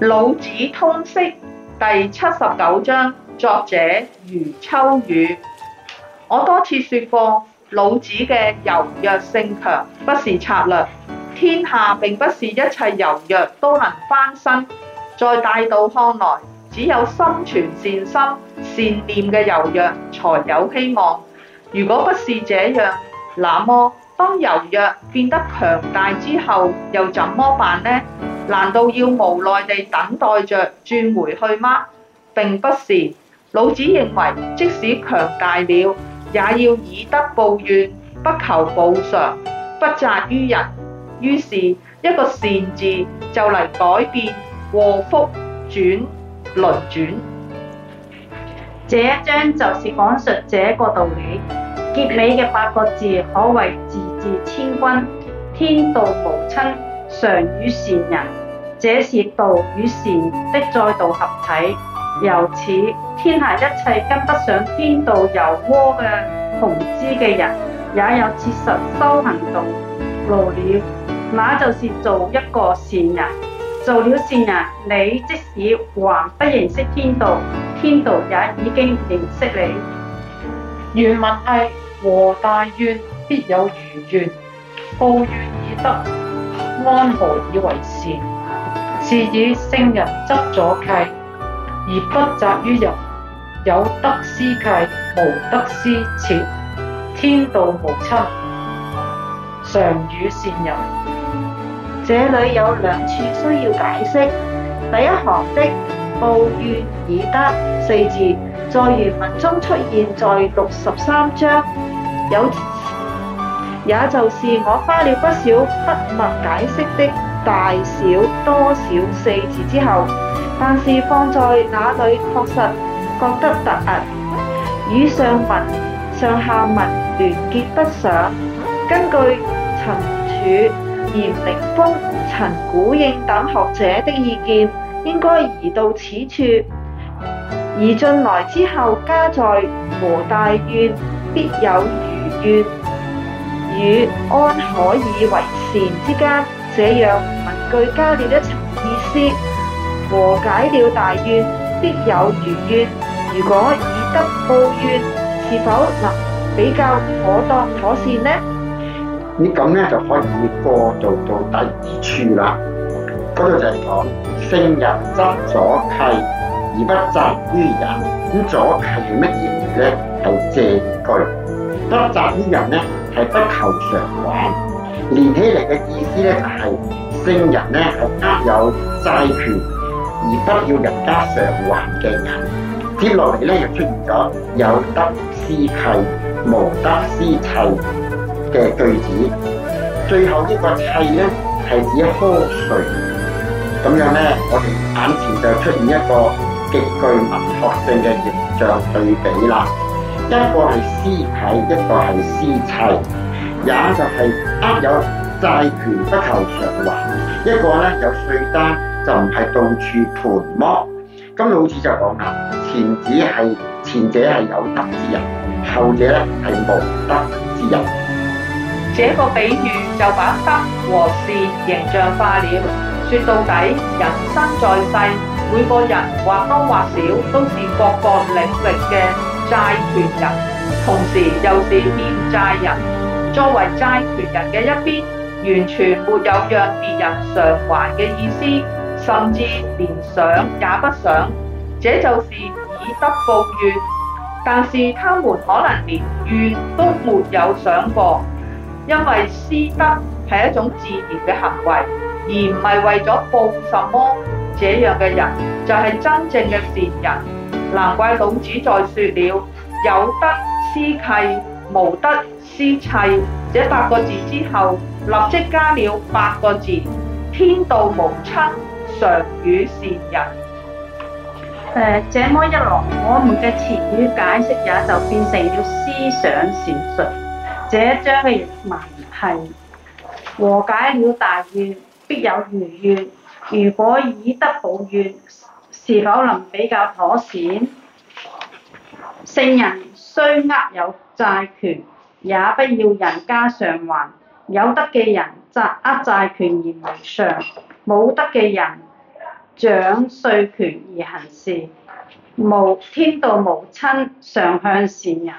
《老子通釋》第七十九章，作者余秋雨。我多次說過，老子嘅柔弱性強，不是策略。天下並不是一切柔弱都能翻身。在大道看來，只有心存善心、善念嘅柔弱才有希望。如果不是這樣，那麼當柔弱變得強大之後，又怎麼辦呢？難道要無奈地等待着轉回去嗎？並不是，老子認為即使強大了，也要以德報怨，不求報償，不責於人。於是，一個善字就嚟改變禍福轉輪轉。這一章就是講述這個道理，結尾嘅八個字可謂字字千鈞，天道無親。常與善人，這是道與善的再度合體。由此，天下一切跟不上天道游渦嘅同知嘅人，也有切實修行動路了。那就是做一個善人，做了善人，你即使還不認識天道，天道也已經認識你。原文係和大怨必有餘怨，報怨以德。安何以為善？是以聖人執左契，而不責於人。有德思契，無德思徹。天道無親，常與善人。這裡有兩處需要解釋。第一行的報怨以德四字，在原文中出現在六十三章有。也就是我花了不少筆墨解釋的大小多少四字之後，但是放在那裡確實覺得突兀，與上文上下文連結不上。根據陳柱、嚴靈峰、陳鼓應等學者的意見，應該移到此處。移進來之後，加在和大怨必有餘怨。與安可以為善之間，這樣文句加了一層意思，和解了大怨，必有餘怨。如果以德報怨，是否能比較妥當妥善呢？你咁咧就可以過渡到第二處啦。嗰度就係講聖人執左契而不責於人。咁左契係乜嘢嚟咧？係借據。不責於人咧。係不求償還，連起嚟嘅意思咧就係、是、聖人咧係握有債權而不要人家償還嘅人。接落嚟咧就出現咗有得失契、無得失契嘅句子。最後個呢個契咧係指喝水。咁樣咧，我哋眼前就出現一個極具文學性嘅形象對比啦。一個係司契，一個係司徹，也就係握有債權不求償還。一個咧有稅單，就唔係到處盤剝。咁老子就講啦，前者係前者係有德之人，後者咧係無德之人。這個比喻就把德和事形象化了。說到底，人生在世，每個人或多或少都是各個領域嘅。債權人同時又是欠債人，作為債權人嘅一邊，完全沒有讓別人償還嘅意思，甚至連想也不想。這就是以德報怨，但是他們可能連怨都沒有想過，因為私德係一種自然嘅行為，而唔係為咗報什麼。這樣嘅人就係真正嘅善人。難怪老子在說了有德司契，無德司徹。這八個字之後，立即加了八個字：天道無親，常與善人。誒、呃，這麼一來，我們嘅詞語解釋也就變成了思想闡述。這一章嘅文係和解了大怨，必有餘怨。如果以德報怨。是否能比較妥善？聖人雖握有債權，也不要人家償還。有德嘅人責握債權而無償，冇德嘅人掌稅權而行事。無天道無親，常向善人。